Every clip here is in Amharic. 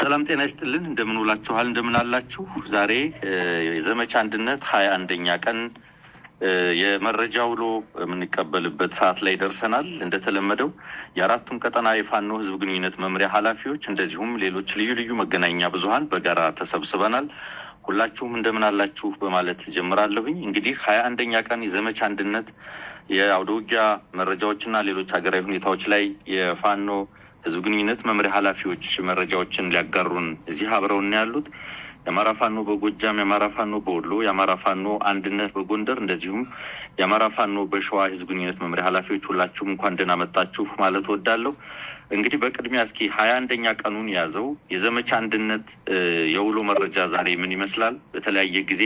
ሰላም ጤና ይስጥልን። እንደምን እንደምናላችሁ። ዛሬ የዘመቻ አንድነት ሀያ አንደኛ ቀን የመረጃ ውሎ የምንቀበልበት ሰዓት ላይ ደርሰናል። እንደተለመደው የአራቱም ቀጠና የፋኖ ህዝብ ግንኙነት መምሪያ ኃላፊዎች እንደዚሁም ሌሎች ልዩ ልዩ መገናኛ ብዙሀን በጋራ ተሰብስበናል። ሁላችሁም እንደምናላችሁ በማለት ጀምራለሁኝ። እንግዲህ ሀያ አንደኛ ቀን የዘመቻ አንድነት የአውደ ውጊያ መረጃዎችና ሌሎች ሀገራዊ ሁኔታዎች ላይ የፋኖ ህዝብ ግንኙነት መምሪያ ኃላፊዎች መረጃዎችን ሊያጋሩን እዚህ አብረውን ያሉት የአማራ ፋኖ በጎጃም፣ የአማራ ፋኖ በወሎ፣ የአማራ ፋኖ አንድነት በጎንደር እንደዚሁም የአማራ ፋኖ በሸዋ ህዝብ ግንኙነት መምሪያ ኃላፊዎች ሁላችሁም እንኳን ደህና መጣችሁ ማለት ወዳለሁ። እንግዲህ በቅድሚያ እስኪ ሀያ አንደኛ ቀኑን የያዘው የዘመቻ አንድነት የውሎ መረጃ ዛሬ ምን ይመስላል? በተለያየ ጊዜ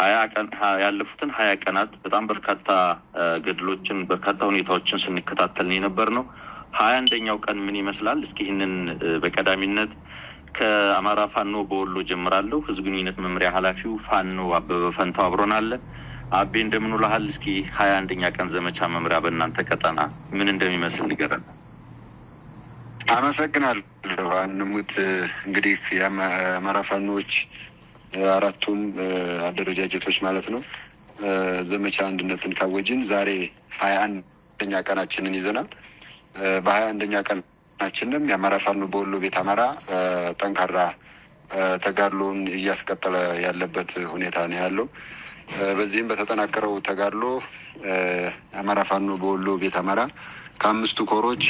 ሀያ ቀን ያለፉትን ሀያ ቀናት በጣም በርካታ ገድሎችን በርካታ ሁኔታዎችን ስንከታተል የነበር ነው። ሀያ አንደኛው ቀን ምን ይመስላል? እስኪ ይህንን በቀዳሚነት ከአማራ ፋኖ በወሎ ጀምራለሁ። ህዝብ ግንኙነት መምሪያ ኃላፊው ፋኖ አበበ ፈንታው አለ። አቤ እንደምን ውለሃል? እስኪ ሀያ አንደኛ ቀን ዘመቻ መምሪያ በእናንተ ቀጠና ምን እንደሚመስል ንገረን። አመሰግናለሁ አንሙት። እንግዲህ የአማራ ፋኖዎች አራቱም አደረጃጀቶች ማለት ነው ዘመቻ አንድነትን ካወጅን ዛሬ ሀያ አንደኛ ቀናችንን ይዘናል። በሀያ አንደኛ ቀናችንም የአማራ ፋኖ በወሎ ቤት አማራ ጠንካራ ተጋድሎውን እያስቀጠለ ያለበት ሁኔታ ነው ያለው። በዚህም በተጠናከረው ተጋድሎ የአማራ ፋኖ በወሎ ቤት አማራ ከአምስቱ ኮሮች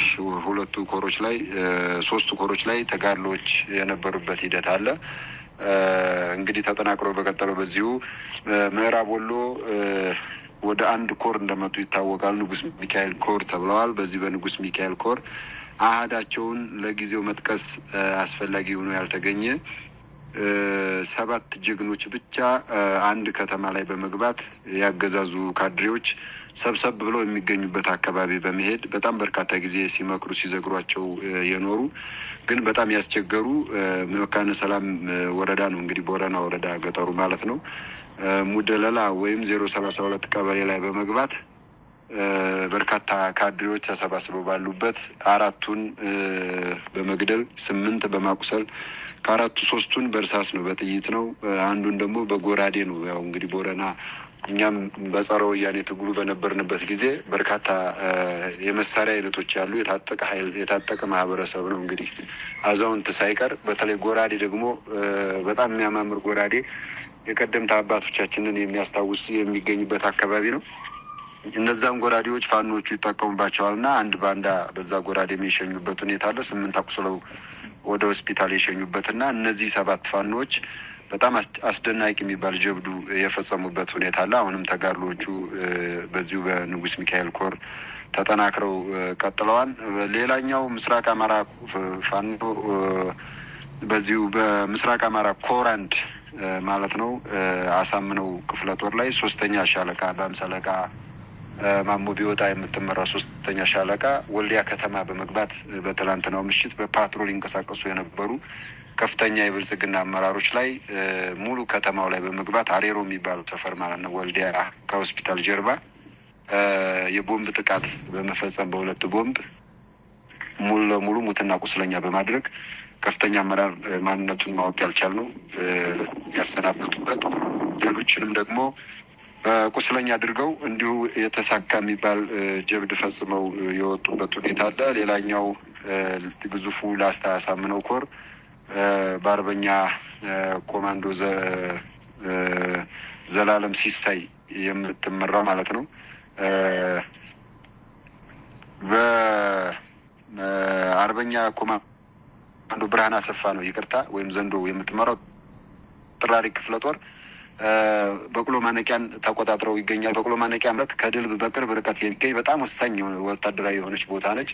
ሁለቱ ኮሮች ላይ ሶስቱ ኮሮች ላይ ተጋድሎዎች የነበሩበት ሂደት አለ። እንግዲህ ተጠናክሮ በቀጠለው በዚሁ ምዕራብ ወሎ ወደ አንድ ኮር እንደመጡ ይታወቃል። ንጉስ ሚካኤል ኮር ተብለዋል። በዚህ በንጉስ ሚካኤል ኮር አህዳቸውን ለጊዜው መጥቀስ አስፈላጊ ሆኖ ያልተገኘ ሰባት ጀግኖች ብቻ አንድ ከተማ ላይ በመግባት ያገዛዙ ካድሬዎች ሰብሰብ ብለው የሚገኙበት አካባቢ በመሄድ በጣም በርካታ ጊዜ ሲመክሩ ሲዘግሯቸው የኖሩ ግን በጣም ያስቸገሩ መካነ ሰላም ወረዳ ነው እንግዲህ ቦረና ወረዳ ገጠሩ ማለት ነው። ሙደለላ ወይም ዜሮ ሰላሳ ሁለት ቀበሌ ላይ በመግባት በርካታ ካድሬዎች ተሰባስበው ባሉበት አራቱን በመግደል ስምንት በማቁሰል ከአራቱ ሶስቱን በእርሳስ ነው፣ በጥይት ነው። አንዱን ደግሞ በጎራዴ ነው። ያው እንግዲህ ቦረና እኛም በጸረ ወያኔ ትግሉ በነበርንበት ጊዜ በርካታ የመሳሪያ አይነቶች ያሉ የታጠቀ ኃይል የታጠቀ ማህበረሰብ ነው። እንግዲህ አዛውንት ሳይቀር በተለይ ጎራዴ ደግሞ በጣም የሚያማምር ጎራዴ የቀደምት አባቶቻችንን የሚያስታውስ የሚገኝበት አካባቢ ነው። እነዛም ጎራዴዎች ፋኖቹ ይጠቀሙባቸዋል እና አንድ ባንዳ በዛ ጎራዴ የሚሸኙበት ሁኔታ አለ። ስምንት አቁስለው ወደ ሆስፒታል የሸኙበት እና እነዚህ ሰባት ፋኖዎች በጣም አስደናቂ የሚባል ጀብዱ የፈጸሙበት ሁኔታ አለ። አሁንም ተጋድሎቹ በዚሁ በንጉስ ሚካኤል ኮር ተጠናክረው ቀጥለዋል። ሌላኛው ምስራቅ አማራ ፋኖ በዚሁ በምስራቅ አማራ ኮራንድ ማለት ነው አሳምነው ክፍለ ጦር ላይ ሶስተኛ ሻለቃ በአምሳ አለቃ ማሞ ቢወጣ የምትመራ ሶስተኛ ሻለቃ ወልዲያ ከተማ በመግባት በትላንትናው ምሽት በፓትሮል ይንቀሳቀሱ የነበሩ ከፍተኛ የብልጽግና አመራሮች ላይ ሙሉ ከተማው ላይ በመግባት አሬሮ የሚባሉ ሰፈር ማለት ነው ወልዲያ ከሆስፒታል ጀርባ የቦምብ ጥቃት በመፈጸም በሁለት ቦምብ ሙሉ ለሙሉ ሙትና ቁስለኛ በማድረግ ከፍተኛ አመራር ማንነቱን ማወቅ ያልቻሉ ያሰናበቱበት፣ ሌሎችንም ደግሞ ቁስለኛ አድርገው እንዲሁ የተሳካ የሚባል ጀብድ ፈጽመው የወጡበት ሁኔታ አለ። ሌላኛው ግዙፉ ላስታ አሳምነው ኮር በአርበኛ ኮማንዶ ዘላለም ሲሳይ የምትመራ ማለት ነው በአርበኛ ኮማንዶ አንዱ ብርሃን አሰፋ ነው ይቅርታ፣ ወይም ዘንዶ የምትመራው ጥራሪ ክፍለ ጦር በቅሎ ማነቂያን ተቆጣጥረው ይገኛል። በቅሎ ማነቂያ ማለት ከድልብ በቅርብ ርቀት የሚገኝ በጣም ወሳኝ ወታደራዊ የሆነች ቦታ ነች።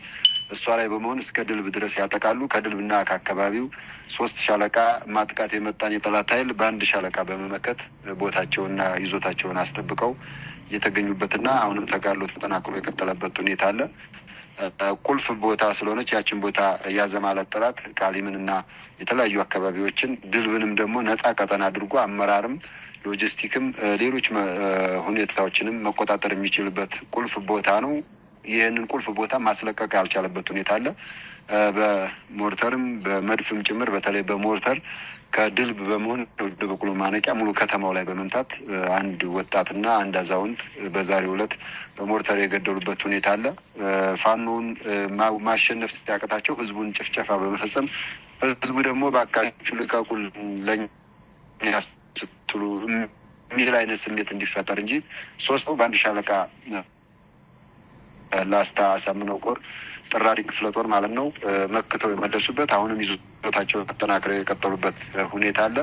እሷ ላይ በመሆን እስከ ድልብ ድረስ ያጠቃሉ። ከድልብና ከአካባቢው ሶስት ሻለቃ ማጥቃት የመጣን የጠላት ኃይል በአንድ ሻለቃ በመመከት ቦታቸውና ይዞታቸውን አስጠብቀው የተገኙበትና አሁንም ተጋድሎ ተጠናክሮ የቀጠለበት ሁኔታ አለ። ቁልፍ ቦታ ስለሆነች ያችን ቦታ ያዘ ማለት ጥራት ቃሊምን እና የተለያዩ አካባቢዎችን ድልብንም ደግሞ ነጻ ቀጠና አድርጎ አመራርም ሎጂስቲክም ሌሎች ሁኔታዎችንም መቆጣጠር የሚችልበት ቁልፍ ቦታ ነው። ይህንን ቁልፍ ቦታ ማስለቀቅ ያልቻለበት ሁኔታ አለ። በሞርተርም በመድፍም ጭምር በተለይ በሞርተር ከድል በመሆን ወደ በቁሎ ማነቂያ ሙሉ ከተማው ላይ በመምታት አንድ ወጣትና አንድ አዛውንት በዛሬው ዕለት በሞርተር የገደሉበት ሁኔታ አለ። ፋኖውን ማሸነፍ ሲያቅታቸው ህዝቡን ጭፍጨፋ በመፈጸም ህዝቡ ደግሞ በአካባቢዎቹ ልቀቁን ለኛ ስትሉ የሚል አይነት ስሜት እንዲፈጠር እንጂ ሶስት ሰው በአንድ ሻለቃ ላስታ አሳምነው ቆር ጠራሪ ክፍለ ጦር ማለት ነው መክተው የመለሱበት አሁንም ይዞታቸውን አጠናክረው የቀጠሉበት ሁኔታ አለ።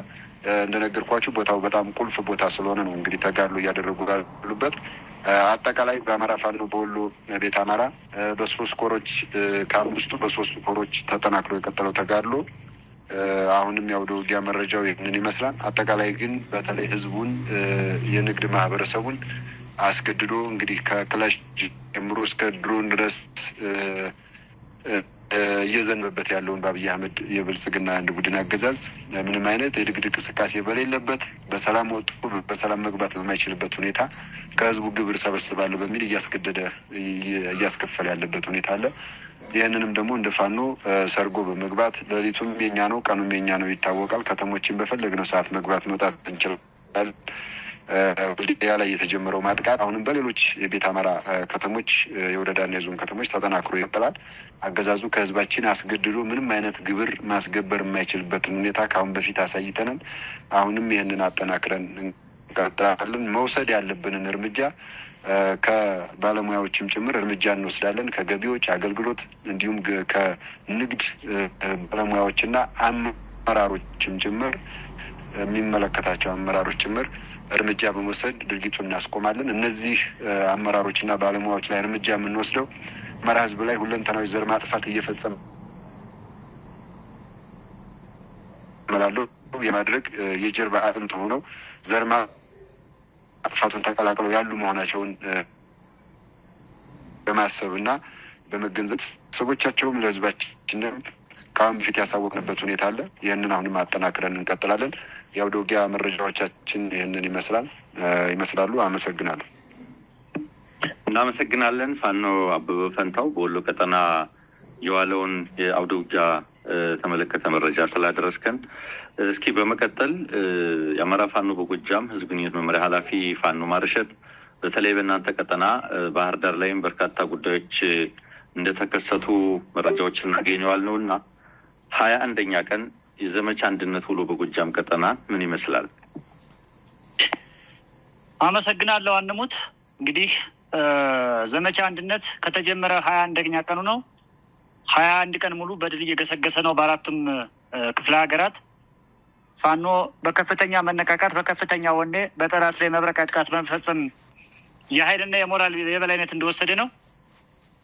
እንደነገርኳችሁ ቦታው በጣም ቁልፍ ቦታ ስለሆነ ነው እንግዲህ ተጋድሎ እያደረጉ ያሉበት። አጠቃላይ በአማራ ፋኖ በወሎ ቤት አማራ በሶስት ኮሮች ከአምስቱ በሶስቱ ኮሮች ተጠናክሮ የቀጠለው ተጋድሎ አሁንም ያው ደውጊያ መረጃው ይህንን ይመስላል። አጠቃላይ ግን በተለይ ህዝቡን የንግድ ማህበረሰቡን አስገድዶ እንግዲህ ከክላሽ ጀምሮ እስከ ድሮን ድረስ እየዘንበበት ያለውን በአብይ አህመድ የብልጽግና አንድ ቡድን አገዛዝ ምንም አይነት የንግድ እንቅስቃሴ በሌለበት በሰላም ወጥቶ በሰላም መግባት በማይችልበት ሁኔታ ከህዝቡ ግብር ሰበስባለሁ በሚል እያስገደደ እያስከፈለ ያለበት ሁኔታ አለ። ይህንንም ደግሞ እንደ ፋኖ ሰርጎ በመግባት ሌሊቱም የኛ ነው፣ ቀኑም የኛ ነው ይታወቃል። ከተሞችን በፈለግነው ሰዓት መግባት መውጣት እንችላለን። ወልዲያ ላይ የተጀመረው ማጥቃት አሁንም በሌሎች የቤት አማራ ከተሞች የወረዳና የዞን ከተሞች ተጠናክሮ ይቀጥላል። አገዛዙ ከህዝባችን አስገድዶ ምንም አይነት ግብር ማስገበር የማይችልበትን ሁኔታ ከአሁን በፊት አሳይተንን አሁንም ይህንን አጠናክረን እንቀጥላለን። መውሰድ ያለብንን እርምጃ ከባለሙያዎችም ጭምር እርምጃ እንወስዳለን። ከገቢዎች አገልግሎት እንዲሁም ከንግድ ባለሙያዎችና አመራሮችም ጭምር የሚመለከታቸው አመራሮች ጭምር እርምጃ በመውሰድ ድርጊቱን እናስቆማለን። እነዚህ አመራሮችና ባለሙያዎች ላይ እርምጃ የምንወስደው መራ ህዝብ ላይ ሁለንተናዊ ዘር ማጥፋት እየፈጸመ መላሉ የማድረግ የጀርባ አጥንት ሆነው ዘር ማጥፋቱን ተቀላቅለው ያሉ መሆናቸውን በማሰብ እና በመገንዘብ ሰቦቻቸውም ለህዝባችንም ከአሁን በፊት ያሳወቅንበት ሁኔታ አለ። ይህንን አሁንም አጠናክረን እንቀጥላለን። የአውደ ውጊያ መረጃዎቻችን ይህንን ይመስላል ይመስላሉ። አመሰግናለሁ። እናመሰግናለን። ፋኖ አበበ ፈንታው በወሎ ቀጠና የዋለውን የአውደ ውጊያ ተመለከተ መረጃ ስላደረስከን፣ እስኪ በመቀጠል የአማራ ፋኖ በጎጃም ህዝብ ግንኙነት መመሪያ ኃላፊ ፋኖ ማርሸት በተለይ በእናንተ ቀጠና ባህር ዳር ላይም በርካታ ጉዳዮች እንደተከሰቱ መረጃዎችን እናገኘዋል ነው እና ሀያ አንደኛ ቀን የዘመቻ አንድነት ውሎ በጎጃም ቀጠና ምን ይመስላል? አመሰግናለሁ አንሙት። እንግዲህ ዘመቻ አንድነት ከተጀመረ ሀያ አንደኛ ቀኑ ነው። ሀያ አንድ ቀን ሙሉ በድል እየገሰገሰ ነው። በአራቱም ክፍለ ሀገራት ፋኖ በከፍተኛ መነቃቃት፣ በከፍተኛ ወኔ በጠራት ላይ መብረቃዊ ጥቃት በመፈጸም የሀይልና የሞራል የበላይነት እንደወሰደ ነው።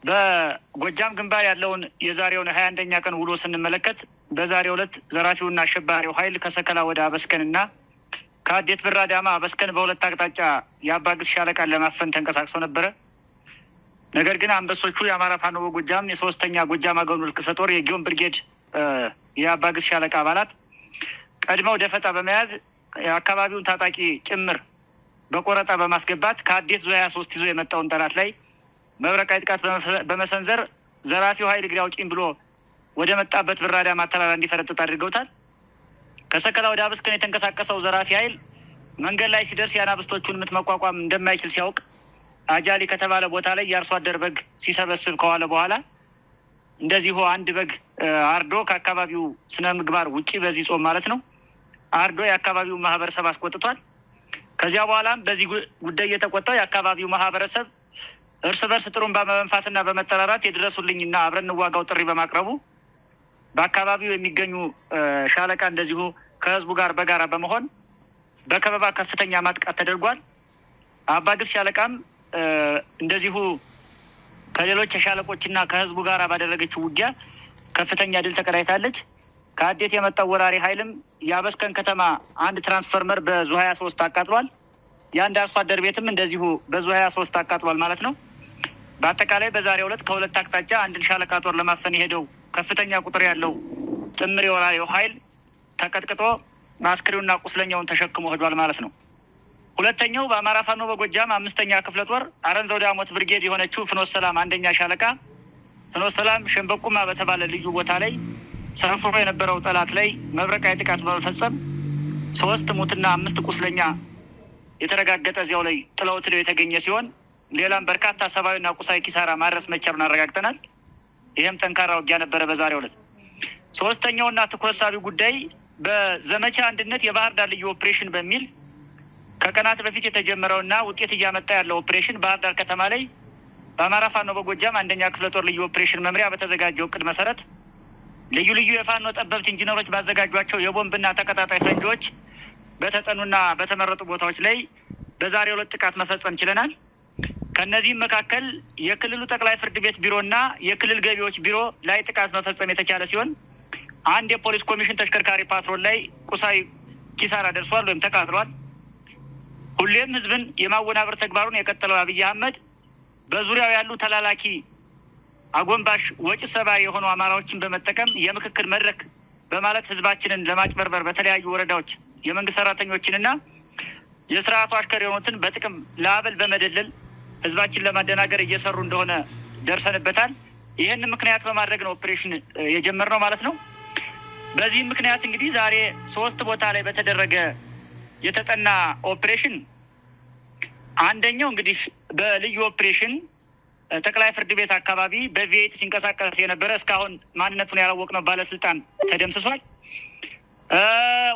በጎጃም ግንባር ያለውን የዛሬውን ሀያ አንደኛ ቀን ውሎ ስንመለከት በዛሬው ዕለት ዘራፊውና አሸባሪው ኃይል ከሰከላ ወደ አበስከንና ከአዴት ብራ ዳማ አበስከን በሁለት አቅጣጫ የአባግስ ሻለቃን ለማፈን ተንቀሳቅሶ ነበረ። ነገር ግን አንበሶቹ የአማራ ፋኖ በጎጃም የሶስተኛ ጎጃም አገኑል ክፍለ ጦር የጊዮን ብርጌድ የአባግስ ሻለቃ አባላት ቀድመው ደፈጣ በመያዝ የአካባቢውን ታጣቂ ጭምር በቆረጣ በማስገባት ከአዴት ዙ ሀያ ሶስት ይዞ የመጣውን ጠላት ላይ መብረቃዊ ጥቃት በመሰንዘር ዘራፊው ኃይል እግሬ አውጪኝ ብሎ ወደ መጣበት ብራዳ ማተራራ እንዲፈረጥጥ አድርገውታል። ከሰከላ ወደ አብስክን የተንቀሳቀሰው ዘራፊ ኃይል መንገድ ላይ ሲደርስ የአናብስቶቹን ምት መቋቋም እንደማይችል ሲያውቅ አጃሊ ከተባለ ቦታ ላይ የአርሶ አደር በግ ሲሰበስብ ከዋለ በኋላ እንደዚሁ አንድ በግ አርዶ ከአካባቢው ስነ ምግባር ውጪ በዚህ ጾም ማለት ነው አርዶ የአካባቢው ማህበረሰብ አስቆጥቷል። ከዚያ በኋላም በዚህ ጉዳይ እየተቆጣው የአካባቢው ማህበረሰብ እርስ በርስ ጥሩምባ በመንፋትና በመጠራራት የድረሱልኝና አብረን እንዋጋው ጥሪ በማቅረቡ በአካባቢው የሚገኙ ሻለቃ እንደዚሁ ከህዝቡ ጋር በጋራ በመሆን በከበባ ከፍተኛ ማጥቃት ተደርጓል። አባግስ ሻለቃም እንደዚሁ ከሌሎች የሻለቆችና ከህዝቡ ጋር ባደረገችው ውጊያ ከፍተኛ ድል ተቀዳጅታለች። ከአዴት የመጣው ወራሪ ኃይልም የአበስከን ከተማ አንድ ትራንስፈርመር በዙ ሀያ ሶስት አቃጥሏል። የአንድ አርሶ አደር ቤትም እንደዚሁ በዙ ሀያ ሶስት አቃጥሏል ማለት ነው። በአጠቃላይ በዛሬው ዕለት ከሁለት አቅጣጫ አንድን ሻለቃ ጦር ለማፈን የሄደው ከፍተኛ ቁጥር ያለው ጥምር የወራሪው ኃይል ተቀጥቅጦ ማስክሪውና ቁስለኛውን ተሸክሞ ሄዷል ማለት ነው። ሁለተኛው በአማራ ፋኖ በጎጃም አምስተኛ ክፍለ ጦር አረንዘው ዳሞት ብርጌድ የሆነችው ፍኖት ሰላም አንደኛ ሻለቃ ፍኖት ሰላም ሸንበቁማ በተባለ ልዩ ቦታ ላይ ሰፍሮ የነበረው ጠላት ላይ መብረቃዊ ጥቃት በመፈጸም ሶስት ሙትና አምስት ቁስለኛ የተረጋገጠ እዚያው ላይ ጥለውት ነው የተገኘ ሲሆን ሌላም በርካታ ሰብአዊና ቁሳዊ ኪሳራ ማድረስ መቻሉን አረጋግጠናል። ይህም ጠንካራ ውጊያ ነበረ በዛሬው ዕለት። ሶስተኛውና ትኩረት ሳቢ ጉዳይ በዘመቻ አንድነት የባህር ዳር ልዩ ኦፕሬሽን በሚል ከቀናት በፊት የተጀመረውና ውጤት እያመጣ ያለው ኦፕሬሽን ባህር ዳር ከተማ ላይ በአማራ ፋኖ በጎጃም አንደኛ ክፍለ ጦር ልዩ ኦፕሬሽን መምሪያ በተዘጋጀው እቅድ መሰረት ልዩ ልዩ የፋኖ ጠበብት ኢንጂነሮች ባዘጋጇቸው የቦምብና ተቀጣጣይ ፈንጂዎች በተጠኑና በተመረጡ ቦታዎች ላይ በዛሬው ዕለት ጥቃት መፈጸም ችለናል። ከእነዚህም መካከል የክልሉ ጠቅላይ ፍርድ ቤት ቢሮና የክልል ገቢዎች ቢሮ ላይ ጥቃት መፈጸም የተቻለ ሲሆን አንድ የፖሊስ ኮሚሽን ተሽከርካሪ ፓትሮል ላይ ቁሳዊ ኪሳራ ደርሷል ወይም ተቃጥሏል። ሁሌም ህዝብን የማወናበር ተግባሩን የቀጠለው አብይ አህመድ በዙሪያው ያሉ ተላላኪ አጎንባሽ ወጪ ሰባ የሆኑ አማራዎችን በመጠቀም የምክክር መድረክ በማለት ህዝባችንን ለማጭበርበር በተለያዩ ወረዳዎች የመንግስት ሰራተኞችንና የስርዓቱ አሽከር የሆኑትን በጥቅም ለአበል በመደለል ህዝባችን ለማደናገር እየሰሩ እንደሆነ ደርሰንበታል። ይህን ምክንያት በማድረግ ነው ኦፕሬሽን የጀመርነው ማለት ነው። በዚህም ምክንያት እንግዲህ ዛሬ ሶስት ቦታ ላይ በተደረገ የተጠና ኦፕሬሽን አንደኛው እንግዲህ በልዩ ኦፕሬሽን ጠቅላይ ፍርድ ቤት አካባቢ በቪኤት ሲንቀሳቀስ የነበረ እስካሁን ማንነቱን ያላወቅነው ባለስልጣን ተደምስሷል።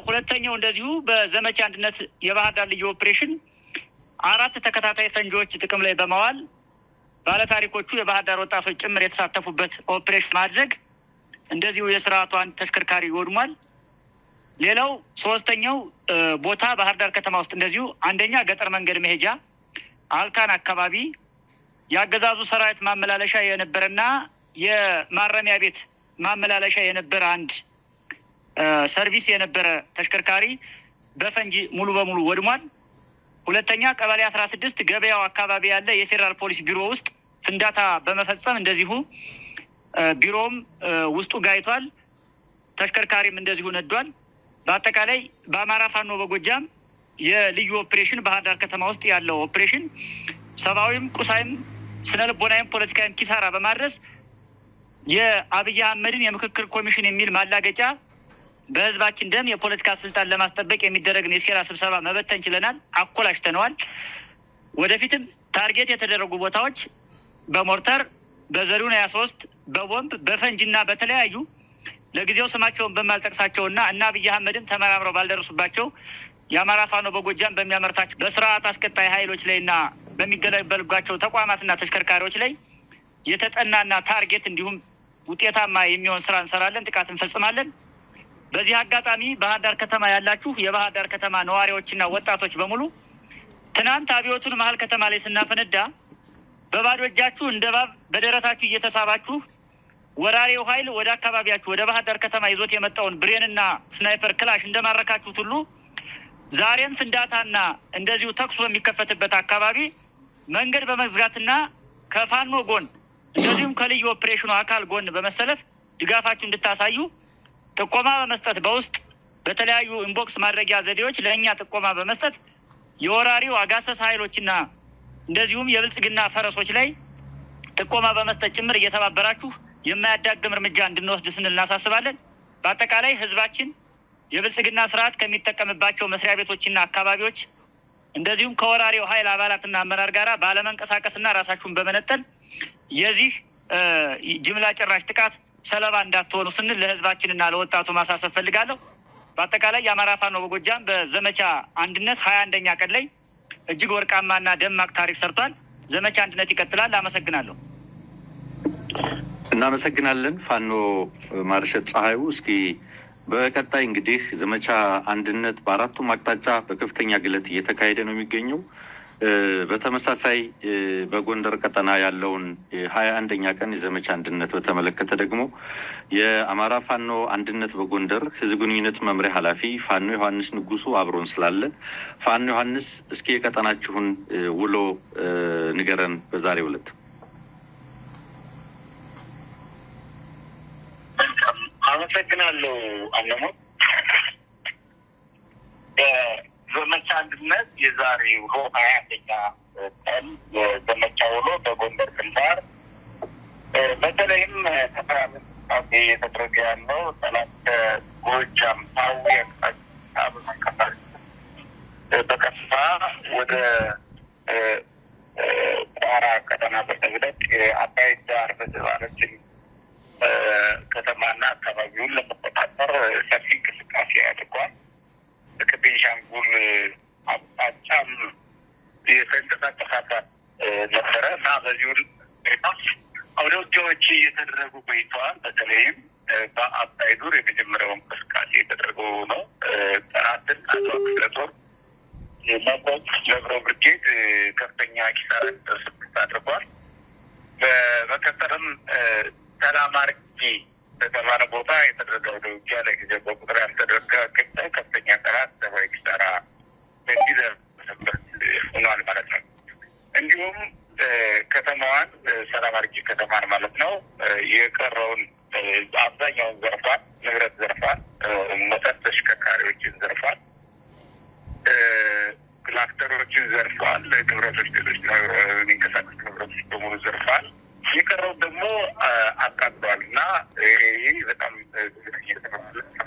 ሁለተኛው እንደዚሁ በዘመቻ አንድነት የባህር ዳር ልዩ ኦፕሬሽን አራት ተከታታይ ፈንጂዎች ጥቅም ላይ በመዋል ባለታሪኮቹ የባህር ዳር ወጣቶች ጭምር የተሳተፉበት ኦፕሬሽን ማድረግ እንደዚሁ የስርዓቱ አንድ ተሽከርካሪ ወድሟል። ሌላው ሶስተኛው ቦታ ባህር ዳር ከተማ ውስጥ እንደዚሁ አንደኛ ገጠር መንገድ መሄጃ አልካን አካባቢ የአገዛዙ ሰራዊት ማመላለሻ የነበረና የማረሚያ ቤት ማመላለሻ የነበረ አንድ ሰርቪስ የነበረ ተሽከርካሪ በፈንጂ ሙሉ በሙሉ ወድሟል። ሁለተኛ ቀበሌ አስራ ስድስት ገበያው አካባቢ ያለ የፌዴራል ፖሊስ ቢሮ ውስጥ ፍንዳታ በመፈጸም እንደዚሁ ቢሮውም ውስጡ ጋይቷል። ተሽከርካሪም እንደዚሁ ነዷል። በአጠቃላይ በአማራ ፋኖ በጎጃም የልዩ ኦፕሬሽን ባህር ዳር ከተማ ውስጥ ያለው ኦፕሬሽን ሰብአዊም፣ ስነ ልቦናዊም፣ ፖለቲካዊም ኪሳራ በማድረስ የአብይ አህመድን የምክክር ኮሚሽን የሚል ማላገጫ በህዝባችን ደም የፖለቲካ ስልጣን ለማስጠበቅ የሚደረግን የሴራ ስብሰባ መበተን ችለናል፣ አኮላሽተነዋል። ወደፊትም ታርጌት የተደረጉ ቦታዎች በሞርተር በዘሪውን ሀያ ሶስት በቦምብ በፈንጅና በተለያዩ ለጊዜው ስማቸውን በማልጠቅሳቸውና እና አብይ አህመድም ተመራምረው ባልደረሱባቸው የአማራ ፋኖ በጎጃም በሚያመርታቸው በስርዓት አስቀጣይ ኃይሎች ላይ እና በሚገለበልጓቸው ተቋማትና ተሽከርካሪዎች ላይ የተጠናና ታርጌት እንዲሁም ውጤታማ የሚሆን ስራ እንሰራለን፣ ጥቃት እንፈጽማለን። በዚህ አጋጣሚ ባህር ዳር ከተማ ያላችሁ የባህር ዳር ከተማ ነዋሪዎችና ወጣቶች በሙሉ ትናንት አብዮቱን መሀል ከተማ ላይ ስናፈነዳ በባዶ እጃችሁ እንደ ባብ በደረታችሁ እየተሳባችሁ ወራሪው ኃይል ወደ አካባቢያችሁ ወደ ባህር ዳር ከተማ ይዞት የመጣውን ብሬንና ስናይፐር ክላሽ እንደማረካችሁት ሁሉ ዛሬም ፍንዳታና እንደዚሁ ተኩስ በሚከፈትበት አካባቢ መንገድ በመዝጋትና ከፋኖ ጎን እንደዚሁም ከልዩ ኦፕሬሽኑ አካል ጎን በመሰለፍ ድጋፋችሁ እንድታሳዩ ጥቆማ በመስጠት በውስጥ በተለያዩ ኢንቦክስ ማድረጊያ ዘዴዎች ለእኛ ጥቆማ በመስጠት የወራሪው አጋሰስ ኃይሎችና እንደዚሁም የብልጽግና ፈረሶች ላይ ጥቆማ በመስጠት ጭምር እየተባበራችሁ የማያዳግም እርምጃ እንድንወስድ ስንል እናሳስባለን። በአጠቃላይ ህዝባችን የብልጽግና ስርዓት ከሚጠቀምባቸው መስሪያ ቤቶችና አካባቢዎች እንደዚሁም ከወራሪው ኃይል አባላትና አመራር ጋር ባለመንቀሳቀስና ራሳችሁን በመነጠል የዚህ ጅምላ ጨራሽ ጥቃት ሰለባ እንዳትሆኑ ስንል ለህዝባችንና ለወጣቱ ማሳሰብ ፈልጋለሁ። በአጠቃላይ የአማራ ፋኖ በጎጃም በዘመቻ አንድነት ሀያ አንደኛ ቀን ላይ እጅግ ወርቃማና ደማቅ ታሪክ ሰርቷል። ዘመቻ አንድነት ይቀጥላል። አመሰግናለሁ። እናመሰግናለን ፋኖ ማርሸት ፀሐዩ። እስኪ በቀጣይ እንግዲህ ዘመቻ አንድነት በአራቱም አቅጣጫ በከፍተኛ ግለት እየተካሄደ ነው የሚገኘው። በተመሳሳይ በጎንደር ቀጠና ያለውን የሀያ አንደኛ ቀን የዘመቻ አንድነት በተመለከተ ደግሞ የአማራ ፋኖ አንድነት በጎንደር ህዝብ ግንኙነት መምሪያ ኃላፊ ፋኖ ዮሐንስ ንጉሱ አብሮን ስላለ ፋኖ ዮሐንስ እስኪ የቀጠናችሁን ውሎ ንገረን በዛሬ ዕለት። አመሰግናለሁ አለሞ ዘመቻ አንድነት የዛሬ ውሎ ሀያ አንደኛ ቀን ዘመቻ ውሎ በጎንደር ግንባር በተለይም ተፈራሚ እንቅስቃሴ የተደረገ ያለው ጠላት ጎጃም ታዊ አቅጣጫ በመንቀሳቀስ በቀጥታ ወደ ቋራ ቀጠና በመግለጥ አባይ ዳር በተባለችን ከተማና አካባቢውን ለመቆጣጠር ሰፊ እንቅስቃሴ አድርጓል። ከቤንሻንጉል አቅጣጫም የተንቀሳቀሳባት ነበረ እና በዚሁ አውደ ውጊያዎች እየተደረጉ ቆይተዋል። በተለይም በአባይ ዱር የመጀመሪያው እንቅስቃሴ የተደረገው ነው። ጠራትን አቶ ክፍለ ጦር መቆቅ ነብሮ ብርጌድ ከፍተኛ ኪሳራ ደርስብት አድርጓል። በመቀጠልም ሰላም አርጊ በተባለ ቦታ የተደረገ አውደ ውጊያ ለጊዜው በቁጥር ያልተደረ የቀረውን አብዛኛውን ዘርፏል፣ ንብረት ዘርፏል፣ ሞተር ተሽከርካሪዎችን ዘርፏል፣ ክላክተሮችን ዘርፏል፣ ንብረቶች፣ ሌሎች የሚንቀሳቀሱ ንብረቶች በሙሉ ዘርፏል። የቀረው ደግሞ አቃጥሏል እና ይህ በጣም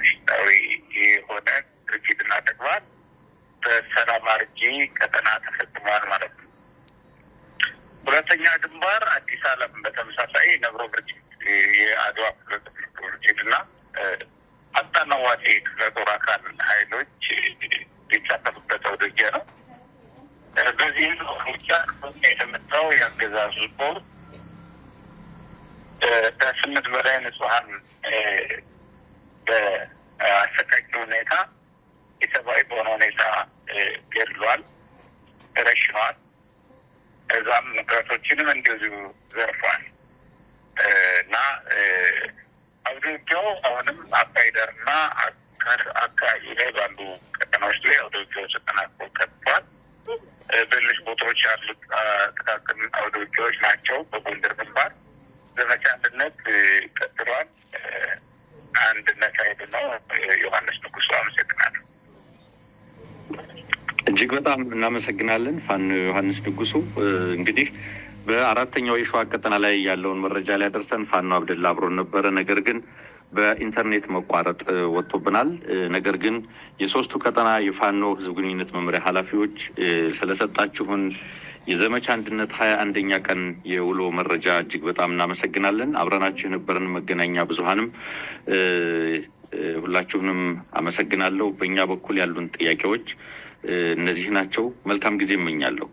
ሽታዊ የሆነ ድርጊትና ተግባር በሰላም አርጂ ቀጠና ተፈጽሟል ማለት ነው። ሁለተኛ ግንባር አዲስ አለም በተመሳሳይ ነብሮ ድርጅት የአድዋ ፕሮጀክት እና አጣና ዋሴ ክፍለ ጦር አካል ኃይሎች ሊሳተፉበት ውጊያ ነው። በዚህም ክፍል የተመታው የአገዛዙ ጦር ከስምንት በላይ ንጹሀን በአሰቃቂ ሁኔታ የሰብአዊ በሆነ ሁኔታ ገድሏል፣ ረሽኗል። እዛም ንብረቶችንም እንደዚሁ ዘርፏል። ውጊያው አሁንም አባይዳርና አካል አካባቢ ላይ ባሉ ቀጠናዎች ላይ አውደ ውጊያው ተጠናክሮ ቀጥሏል። በሌሎች ቦታዎች ያሉ ጥቃቅን አውደ ውጊያዎች ናቸው። በጎንደር ግንባር ዘመቻ አንድነት ቀጥሏል። አንድነት ኃይል ነው። ዮሐንስ ንጉሱ አመሰግናለሁ። እጅግ በጣም እናመሰግናለን ፋኖ ዮሐንስ ንጉሱ እንግዲህ በአራተኛው የሸዋ ቀጠና ላይ ያለውን መረጃ ላይ ደርሰን ፋኖ አብደላ አብሮን ነበረ። ነገር ግን በኢንተርኔት መቋረጥ ወጥቶብናል። ነገር ግን የሶስቱ ቀጠና የፋኖ ህዝብ ግንኙነት መምሪያ ኃላፊዎች ስለሰጣችሁን የዘመቻ አንድነት ሀያ አንደኛ ቀን የውሎ መረጃ እጅግ በጣም እናመሰግናለን። አብረናችሁ የነበረን መገናኛ ብዙሀንም ሁላችሁንም አመሰግናለሁ። በእኛ በኩል ያሉን ጥያቄዎች እነዚህ ናቸው። መልካም ጊዜ እመኛለሁ።